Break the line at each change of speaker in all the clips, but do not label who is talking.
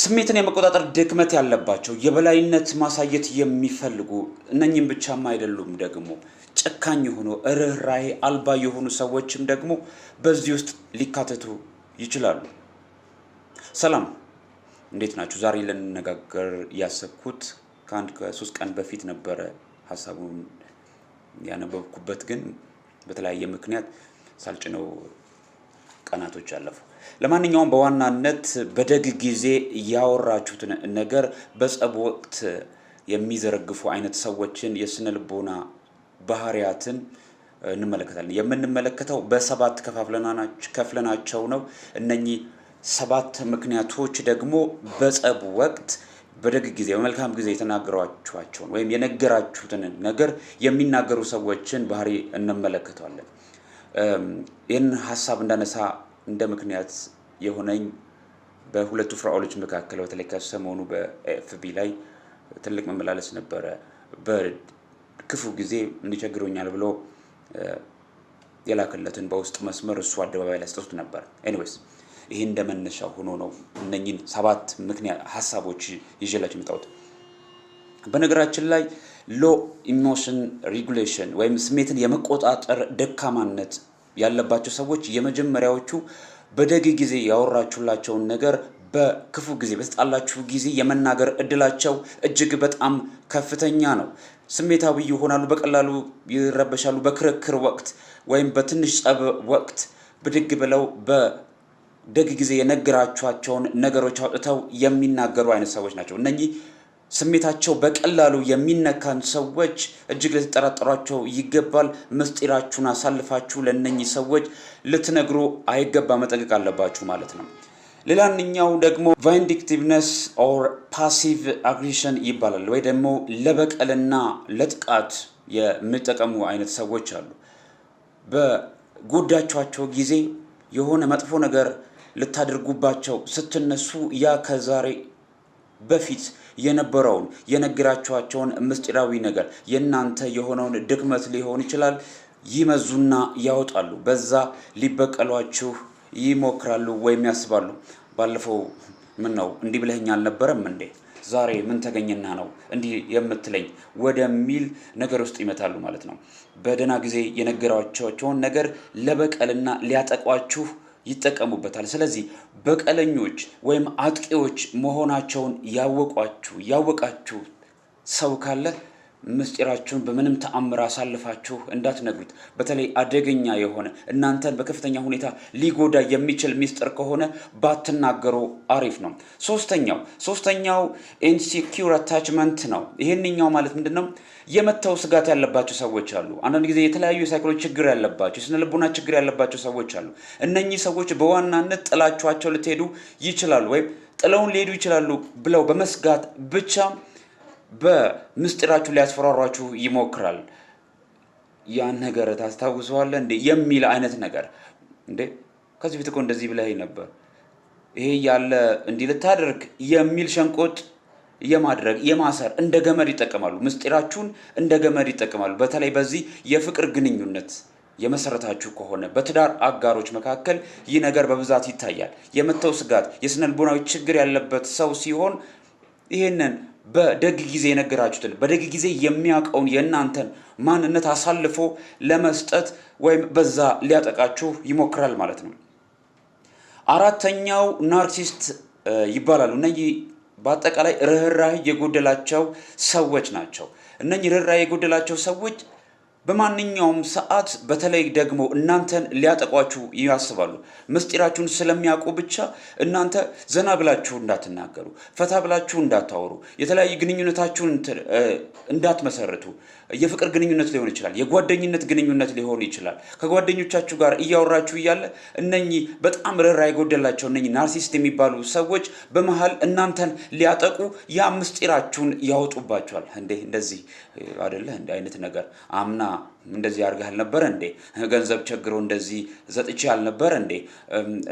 ስሜትን የመቆጣጠር ድክመት ያለባቸው የበላይነት ማሳየት የሚፈልጉ እነኝም ብቻም አይደሉም፣ ደግሞ ጨካኝ የሆኑ ርኅራኄ አልባ የሆኑ ሰዎችም ደግሞ በዚህ ውስጥ ሊካተቱ ይችላሉ። ሰላም፣ እንዴት ናችሁ? ዛሬ ልንነጋገር ያሰብኩት ከአንድ ከሶስት ቀን በፊት ነበረ ሀሳቡን ያነበብኩበት፣ ግን በተለያየ ምክንያት ሳልጭነው ቀናቶች አለፉ። ለማንኛውም በዋናነት በደግ ጊዜ ያወራችሁትን ነገር በጸብ ወቅት የሚዘረግፉ አይነት ሰዎችን የስነ ልቦና ባህሪያትን እንመለከታለን። የምንመለከተው በሰባት ከፍለናቸው ነው። እነኚህ ሰባት ምክንያቶች ደግሞ በጸብ ወቅት በደግ ጊዜ በመልካም ጊዜ የተናገሯችኋቸውን ወይም የነገራችሁትን ነገር የሚናገሩ ሰዎችን ባህሪ እንመለከተዋለን። ይህን ሀሳብ እንዳነሳ እንደ ምክንያት የሆነኝ በሁለቱ ፍራኦሎች መካከል በተለይ ከሰሞኑ በኤፍቢ ላይ ትልቅ መመላለስ ነበረ። በክፉ ጊዜ እንዲቸግሮኛል ብሎ የላክለትን በውስጥ መስመር እሱ አደባባይ ላይ ስጠቱት ነበር። ኤኒዌይስ ይህ እንደ መነሻ ሆኖ ነው እነኝን ሰባት ምክንያት ሀሳቦች ይዤላቸው የመጣሁት። በነገራችን ላይ ሎ ኢሞሽን ሪጉሌሽን ወይም ስሜትን የመቆጣጠር ደካማነት ያለባቸው ሰዎች የመጀመሪያዎቹ በደግ ጊዜ ያወራችሁላቸውን ነገር በክፉ ጊዜ በተጣላችሁ ጊዜ የመናገር እድላቸው እጅግ በጣም ከፍተኛ ነው። ስሜታዊ ይሆናሉ፣ በቀላሉ ይረበሻሉ። በክርክር ወቅት ወይም በትንሽ ጸብ ወቅት ብድግ ብለው በደግ ጊዜ የነገራችኋቸውን ነገሮች አውጥተው የሚናገሩ አይነት ሰዎች ናቸው እነኚህ ስሜታቸው በቀላሉ የሚነካን ሰዎች እጅግ ልትጠራጠሯቸው ይገባል። ምስጢራችሁን አሳልፋችሁ ለነኚህ ሰዎች ልትነግሩ አይገባ፣ መጠንቀቅ አለባችሁ ማለት ነው። ሌላኛው ደግሞ ቫይንዲክቲቭነስ ኦር ፓሲቭ አግሬሽን ይባላል። ወይ ደግሞ ለበቀልና ለጥቃት የሚጠቀሙ አይነት ሰዎች አሉ። በጎዳቸኋቸው ጊዜ የሆነ መጥፎ ነገር ልታደርጉባቸው ስትነሱ ያ ከዛሬ በፊት የነበረውን የነገራችኋቸውን ምስጢራዊ ነገር የእናንተ የሆነውን ድክመት ሊሆን ይችላል ይመዙና ያወጣሉ። በዛ ሊበቀሏችሁ ይሞክራሉ ወይም ያስባሉ። ባለፈው ምን ነው እንዲህ ብለኸኝ አልነበረም እንዴ? ዛሬ ምን ተገኘና ነው እንዲህ የምትለኝ ወደሚል ነገር ውስጥ ይመታሉ ማለት ነው። በደህና ጊዜ የነገራቸውን ነገር ለበቀልና ሊያጠቋችሁ ይጠቀሙበታል። ስለዚህ በቀለኞች ወይም አጥቂዎች መሆናቸውን ያወቋችሁ ያወቃችሁ ሰው ካለ ምስጢራችሁን በምንም ተአምር አሳልፋችሁ እንዳትነግሩት። በተለይ አደገኛ የሆነ እናንተን በከፍተኛ ሁኔታ ሊጎዳ የሚችል ምስጢር ከሆነ ባትናገሩ አሪፍ ነው። ሶስተኛው ሶስተኛው ኢንሴኪር አታችመንት ነው። ይህንኛው ማለት ምንድን ነው? የመተው ስጋት ያለባቸው ሰዎች አሉ። አንዳንድ ጊዜ የተለያዩ የሳይክሎች ችግር ያለባቸው የስነ ችግር ያለባቸው ሰዎች አሉ። እነኚህ ሰዎች በዋናነት ጥላችኋቸው ልትሄዱ ይችላሉ ወይም ጥለውን ሊሄዱ ይችላሉ ብለው በመስጋት ብቻ በምስጢራችሁ ሊያስፈራሯችሁ ይሞክራል። ያን ነገር ታስታውሰዋለህ እንዴ የሚል አይነት ነገር እንዴ ከዚህ በፊት እኮ እንደዚህ ብለኸኝ ነበር፣ ይሄ ያለ እንዲህ ልታደርግ የሚል ሸንቆጥ የማድረግ የማሰር እንደ ገመድ ይጠቀማሉ። ምስጢራችሁን እንደ ገመድ ይጠቀማሉ። በተለይ በዚህ የፍቅር ግንኙነት የመሰረታችሁ ከሆነ በትዳር አጋሮች መካከል ይህ ነገር በብዛት ይታያል። የመተው ስጋት የስነልቦናዊ ችግር ያለበት ሰው ሲሆን ይህንን በደግ ጊዜ የነገራችሁትን በደግ ጊዜ የሚያውቀውን የእናንተን ማንነት አሳልፎ ለመስጠት ወይም በዛ ሊያጠቃችሁ ይሞክራል ማለት ነው። አራተኛው ናርሲስት ይባላሉ። እነዚህ በአጠቃላይ ርኅራኄ የጎደላቸው ሰዎች ናቸው። እነኚህ ርኅራኄ የጎደላቸው ሰዎች በማንኛውም ሰዓት በተለይ ደግሞ እናንተን ሊያጠቋችሁ ያስባሉ። ምስጢራችሁን ስለሚያውቁ ብቻ እናንተ ዘና ብላችሁ እንዳትናገሩ፣ ፈታ ብላችሁ እንዳታወሩ፣ የተለያዩ ግንኙነታችሁን እንዳትመሰርቱ። የፍቅር ግንኙነት ሊሆን ይችላል፣ የጓደኝነት ግንኙነት ሊሆን ይችላል። ከጓደኞቻችሁ ጋር እያወራችሁ እያለ እነኚህ በጣም ርኅራ የጎደላቸው እነኚህ ናርሲስት የሚባሉ ሰዎች በመሀል እናንተን ሊያጠቁ ያ ምስጢራችሁን ያወጡባቸዋል። እንዴ እንደዚህ አደለ እንደ አይነት ነገር አምና እንደዚህ አድርገህ አልነበረ እንዴ? ገንዘብ ቸግሮ እንደዚህ ሰጥቼ አልነበረ እንዴ?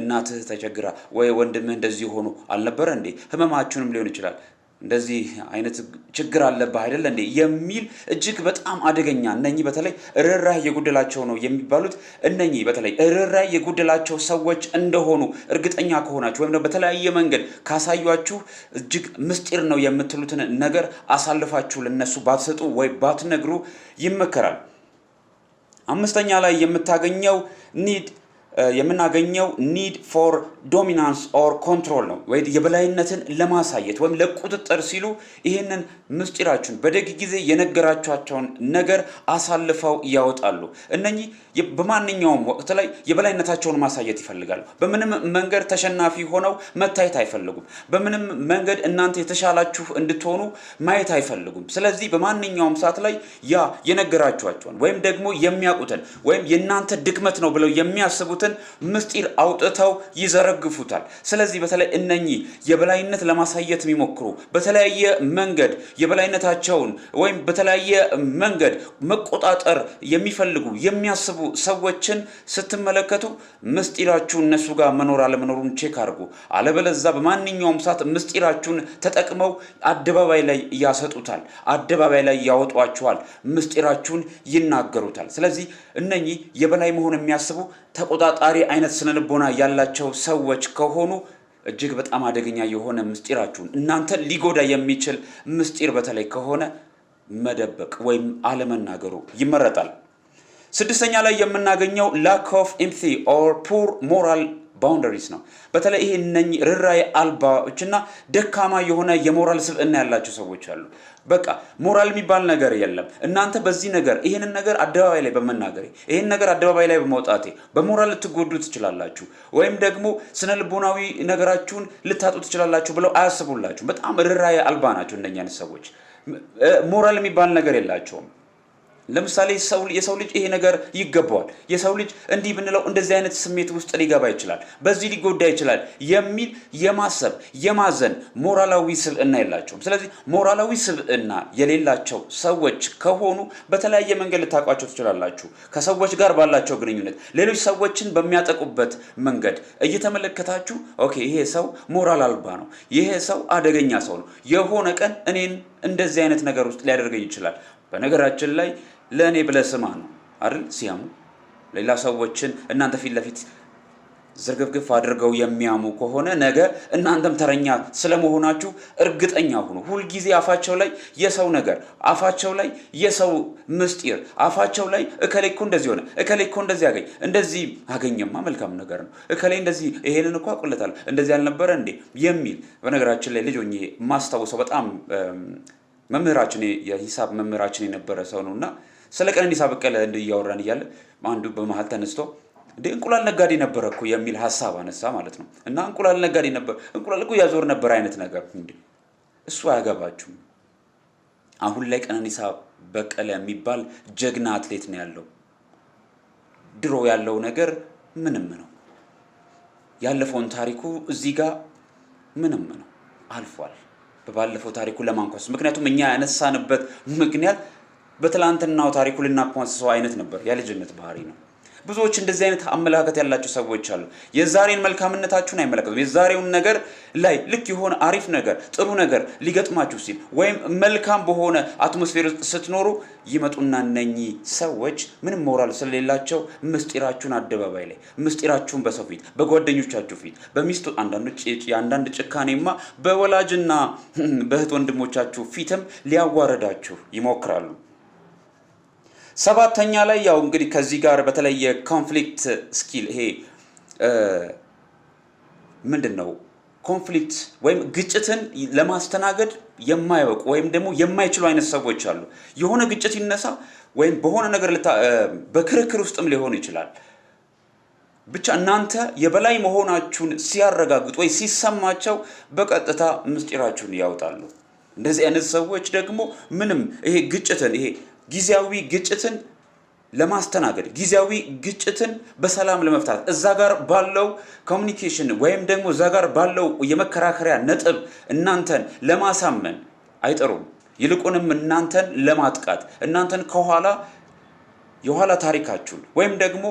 እናትህ ተቸግራ ወይ ወንድምህ እንደዚህ ሆኖ አልነበረ እንዴ? ህመማችሁንም ሊሆን ይችላል እንደዚህ አይነት ችግር አለብህ አይደለ እንዴ የሚል እጅግ በጣም አደገኛ እነኚህ በተለይ ርኅራኄ የጎደላቸው ነው የሚባሉት እነኚህ በተለይ ርኅራኄ የጎደላቸው ሰዎች እንደሆኑ እርግጠኛ ከሆናችሁ ወይም ደግሞ በተለያየ መንገድ ካሳያችሁ እጅግ ምስጢር ነው የምትሉትን ነገር አሳልፋችሁ ለነሱ ባትሰጡ ወይ ባትነግሩ ይመከራል። አምስተኛ ላይ የምታገኘው ኒድ የምናገኘው ኒድ ፎር ዶሚናንስ ኦር ኮንትሮል ነው ወይ የበላይነትን ለማሳየት ወይም ለቁጥጥር ሲሉ ይህንን ምስጢራችሁን በደግ ጊዜ የነገራችኋቸውን ነገር አሳልፈው ያወጣሉ። እነኚህ በማንኛውም ወቅት ላይ የበላይነታቸውን ማሳየት ይፈልጋሉ። በምንም መንገድ ተሸናፊ ሆነው መታየት አይፈልጉም። በምንም መንገድ እናንተ የተሻላችሁ እንድትሆኑ ማየት አይፈልጉም። ስለዚህ በማንኛውም ሰዓት ላይ ያ የነገራችኋቸውን ወይም ደግሞ የሚያውቁትን ወይም የእናንተ ድክመት ነው ብለው የሚያስቡትን ያሉትን ምስጢር አውጥተው ይዘረግፉታል። ስለዚህ በተለይ እነኚህ የበላይነት ለማሳየት የሚሞክሩ በተለያየ መንገድ የበላይነታቸውን ወይም በተለያየ መንገድ መቆጣጠር የሚፈልጉ የሚያስቡ ሰዎችን ስትመለከቱ ምስጢራችሁ እነሱ ጋር መኖር አለመኖሩን ቼክ አድርጉ። አለበለዛ በማንኛውም ሰዓት ምስጢራችሁን ተጠቅመው አደባባይ ላይ ያሰጡታል፣ አደባባይ ላይ ያወጧችኋል፣ ምስጢራችሁን ይናገሩታል። ስለዚህ እነኚህ የበላይ መሆን የሚያስቡ ተቆጣ አጠራጣሪ አይነት ስነልቦና ያላቸው ሰዎች ከሆኑ እጅግ በጣም አደገኛ የሆነ ምስጢራችሁን እናንተ ሊጎዳ የሚችል ምስጢር በተለይ ከሆነ መደበቅ ወይም አለመናገሩ ይመረጣል። ስድስተኛ ላይ የምናገኘው ላክ ኦፍ ኢምፓቲ ኦር ፑር ሞራል ባውንደሪስ ነው። በተለይ ይሄ እነኚህ አልባዎች አልባዎችና ደካማ የሆነ የሞራል ስብዕና ያላቸው ሰዎች አሉ። በቃ ሞራል የሚባል ነገር የለም። እናንተ በዚህ ነገር ይህንን ነገር አደባባይ ላይ በመናገሬ ይህን ነገር አደባባይ ላይ በመውጣቴ በሞራል ልትጎዱ ትችላላችሁ፣ ወይም ደግሞ ስነ ልቦናዊ ነገራችሁን ልታጡ ትችላላችሁ ብለው አያስቡላችሁ። በጣም ርራዬ አልባ ናቸው እንደኛ ሰዎች። ሞራል የሚባል ነገር የላቸውም። ለምሳሌ የሰው ልጅ ይሄ ነገር ይገባዋል፣ የሰው ልጅ እንዲህ ብንለው እንደዚህ አይነት ስሜት ውስጥ ሊገባ ይችላል፣ በዚህ ሊጎዳ ይችላል የሚል የማሰብ የማዘን ሞራላዊ ስብዕና የላቸውም። ስለዚህ ሞራላዊ ስብዕና የሌላቸው ሰዎች ከሆኑ በተለያየ መንገድ ልታውቋቸው ትችላላችሁ። ከሰዎች ጋር ባላቸው ግንኙነት፣ ሌሎች ሰዎችን በሚያጠቁበት መንገድ እየተመለከታችሁ ኦኬ፣ ይሄ ሰው ሞራል አልባ ነው፣ ይሄ ሰው አደገኛ ሰው ነው፣ የሆነ ቀን እኔን እንደዚህ አይነት ነገር ውስጥ ሊያደርገኝ ይችላል። በነገራችን ላይ ለእኔ ብለህ ስማ ነው አይደል? ሲያሙ ሌላ ሰዎችን እናንተ ፊት ለፊት ዝርግፍግፍ አድርገው የሚያሙ ከሆነ ነገ እናንተም ተረኛ ስለመሆናችሁ እርግጠኛ ሁኑ። ሁልጊዜ አፋቸው ላይ የሰው ነገር፣ አፋቸው ላይ የሰው ምስጢር፣ አፋቸው ላይ እከሌ እኮ እንደዚህ ሆነ፣ እከሌ እኮ እንደዚህ አገኝ፣ እንደዚህ አገኘማ መልካም ነገር ነው፣ እከሌ እንደዚህ ይሄንን እኮ አቁለታለሁ፣ እንደዚህ አልነበረ እንዴ የሚል በነገራችን ላይ ልጅ ሆኜ ማስታውሰው በጣም መምህራችን የሂሳብ መምህራችን የነበረ ሰው ነው እና ስለ ቀነኒሳ በቀለ እንደ እያወራን እያለ አንዱ በመሀል ተነስቶ እንደ እንቁላል ነጋዴ ነበረ እኮ የሚል ሀሳብ አነሳ ማለት ነው። እና እንቁላል ነጋዴ ነበር፣ እንቁላል እኮ ያዞር ነበር አይነት ነገር እንዴ! እሱ አያገባችሁም። አሁን ላይ ቀነኒሳ በቀለ የሚባል ጀግና አትሌት ነው ያለው። ድሮ ያለው ነገር ምንም ነው። ያለፈውን ታሪኩ እዚህ ጋር ምንም ነው፣ አልፏል። በባለፈው ታሪኩ ለማንኳስ ምክንያቱም እኛ ያነሳንበት ምክንያት በትላንትናው ታሪኩ ልናኮንስሰው አይነት ነበር። የልጅነት ባህሪ ነው። ብዙዎች እንደዚህ አይነት አመለካከት ያላቸው ሰዎች አሉ። የዛሬን መልካምነታችሁን አይመለከቱም። የዛሬውን ነገር ላይ ልክ የሆነ አሪፍ ነገር ጥሩ ነገር ሊገጥማችሁ ሲል ወይም መልካም በሆነ አትሞስፌር ውስጥ ስትኖሩ ይመጡና እነኚህ ሰዎች ምንም ሞራል ስለሌላቸው ምስጢራችሁን አደባባይ ላይ ምስጢራችሁን በሰው ፊት፣ በጓደኞቻችሁ ፊት፣ በሚስቱ የአንዳንድ ጭካኔማ በወላጅና በእህት ወንድሞቻችሁ ፊትም ሊያዋረዳችሁ ይሞክራሉ። ሰባተኛ ላይ ያው እንግዲህ ከዚህ ጋር በተለየ ኮንፍሊክት ስኪል ይሄ ምንድን ነው ኮንፍሊክት ወይም ግጭትን ለማስተናገድ የማያውቁ ወይም ደግሞ የማይችሉ አይነት ሰዎች አሉ። የሆነ ግጭት ይነሳ ወይም በሆነ ነገር በክርክር ውስጥም ሊሆን ይችላል። ብቻ እናንተ የበላይ መሆናችሁን ሲያረጋግጡ ወይ ሲሰማቸው በቀጥታ ምስጢራችሁን ያውጣሉ። እንደዚህ አይነት ሰዎች ደግሞ ምንም ይሄ ግጭትን ይሄ ጊዜያዊ ግጭትን ለማስተናገድ ጊዜያዊ ግጭትን በሰላም ለመፍታት እዛ ጋር ባለው ኮሚኒኬሽን ወይም ደግሞ እዛ ጋር ባለው የመከራከሪያ ነጥብ እናንተን ለማሳመን አይጠሩም። ይልቁንም እናንተን ለማጥቃት እናንተን ከኋላ የኋላ ታሪካችሁን ወይም ደግሞ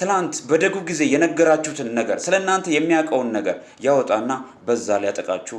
ትላንት በደጉብ ጊዜ የነገራችሁትን ነገር ስለ እናንተ የሚያውቀውን ነገር ያወጣና በዛ ሊያጠቃችሁ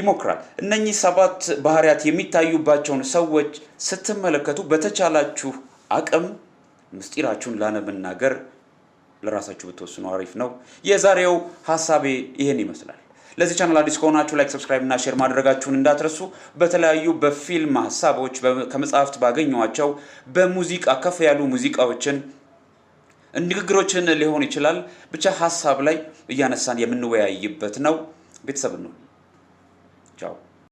ይሞክራል። እነኚህ ሰባት ባህሪያት የሚታዩባቸውን ሰዎች ስትመለከቱ በተቻላችሁ አቅም ምስጢራችሁን ላለመናገር ለራሳችሁ ብትወስኑ አሪፍ ነው። የዛሬው ሀሳቤ ይህን ይመስላል። ለዚህ ቻናል አዲስ ከሆናችሁ ላይክ፣ ሰብስክራይብ እና ሼር ማድረጋችሁን እንዳትረሱ። በተለያዩ በፊልም ሀሳቦች፣ ከመጽሐፍት ባገኘኋቸው በሙዚቃ ከፍ ያሉ ሙዚቃዎችን ንግግሮችን ሊሆን ይችላል ብቻ ሀሳብ ላይ እያነሳን የምንወያይበት ነው። ቤተሰብ ነው። Tchau.